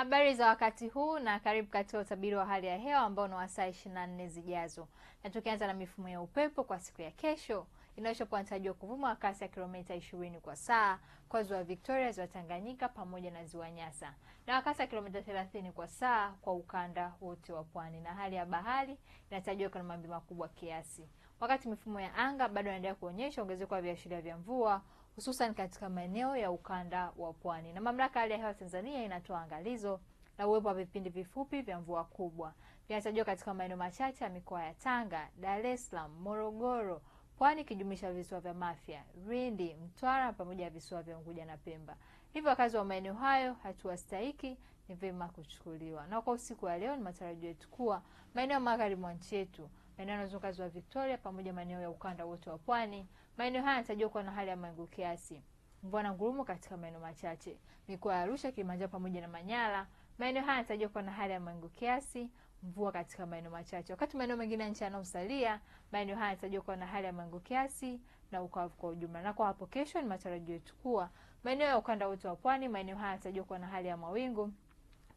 Habari za wakati huu na karibu katika utabiri wa hali ya hewa ambao ni wa saa 24 zijazo. Na tukianza na mifumo ya upepo kwa siku ya kesho inaonyesha kuwa kuvuma wa kasi ya kilomita 20 kwa saa kwa ziwa Victoria, ziwa Tanganyika pamoja na ziwa Nyasa, na kwa kasi ya kilomita 30 kwa saa kwa ukanda wote wa pwani, na hali ya bahari inatarajiwa kuwa na makubwa kiasi, wakati mifumo ya anga bado inaendelea kuonyesha ongezeko la viashiria vya mvua hususan katika maeneo ya ukanda wa pwani. Na mamlaka ya hali ya hewa Tanzania inatoa angalizo la uwepo wa vipindi vifupi vya mvua kubwa vinatarajiwa katika maeneo machache ya mikoa ya Tanga, Dar es Salaam, Morogoro, Pwani ikijumuisha visiwa vya Mafia, Lindi, Mtwara pamoja na visiwa vya Unguja na Pemba. Hivyo wakazi wa maeneo hayo, hatua stahiki ni vyema kuchukuliwa. Na kwa usiku wa leo, ni matarajio yetu kuwa maeneo magharibi mwa nchi yetu maeneo yanayozunguka ziwa Victoria pamoja maeneo ya ukanda wote wa pwani. Maeneo haya yanatarajiwa kuwa na hali ya mawingu kiasi, mvua na ngurumo katika maeneo machache. Mikoa ya Arusha, Kilimanjaro pamoja na Manyara, maeneo haya yanatarajiwa kuwa na hali ya mawingu kiasi, mvua katika maeneo machache, wakati maeneo mengine ya nchi yanayosalia, maeneo haya yanatarajiwa kuwa na hali ya mawingu kiasi na ukavu kwa ujumla. Na kwa hapo kesho, ni matarajio yetu kuwa maeneo ya ukanda wote wa pwani, maeneo haya yanatarajiwa kuwa na hali ya mawingu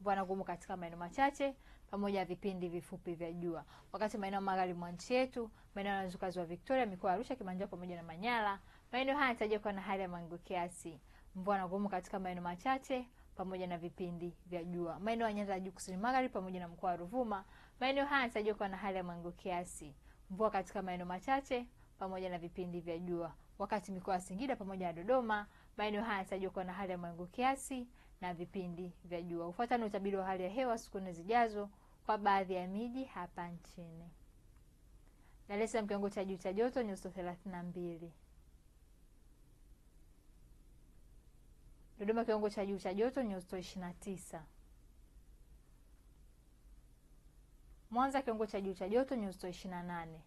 Kupanda ngumu katika maeneo machache pamoja na vipindi vifupi vya jua. Wakati maeneo magharibi mwa nchi yetu, maeneo ya nyanda za Victoria, mikoa ya Arusha, Kilimanjaro pamoja na Manyara, maeneo haya yatarajiwa kuwa na hali ya mawingu kiasi. Mvua na ngumu katika maeneo machache pamoja na vipindi vya jua. Maeneo ya nyanda za juu kusini magharibi pamoja na mkoa wa Ruvuma, maeneo haya yatarajiwa kuwa na hali ya mawingu kiasi. Mvua katika maeneo machache pamoja na vipindi vya jua. Wakati mikoa ya Singida pamoja na Dodoma, maeneo haya yatarajiwa kuwa na hali ya mawingu kiasi na vipindi vya jua. Ufuatao ni utabiri wa hali ya hewa siku nne zijazo kwa baadhi ya miji hapa nchini. Dar es Salaam kiwango cha juu cha joto nyuzi thelathini na mbili. Dodoma kiwango cha juu cha joto nyuzi ishirini na tisa. Mwanza kiwango cha juu cha joto nyuzi ishirini na nane.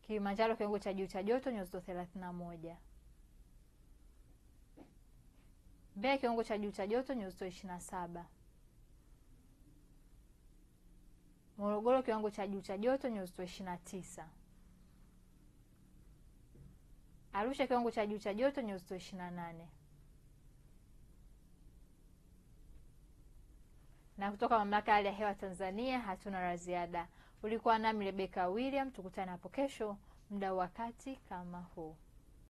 Kilimanjaro kiwango cha juu cha joto nyuzi thelathini na moja mbea kiwango cha juu cha joto nyuzi joto ishirini na saba. Morogoro kiwango cha juu cha joto nyuzi joto ishirini na tisa. Arusha kiwango cha juu cha joto nyuzi joto ishirini na nane. Na kutoka Mamlaka ya Hali ya Hewa Tanzania hatuna la ziada. Ulikuwa nami Rebeka William, tukutane hapo kesho muda wakati kama huu.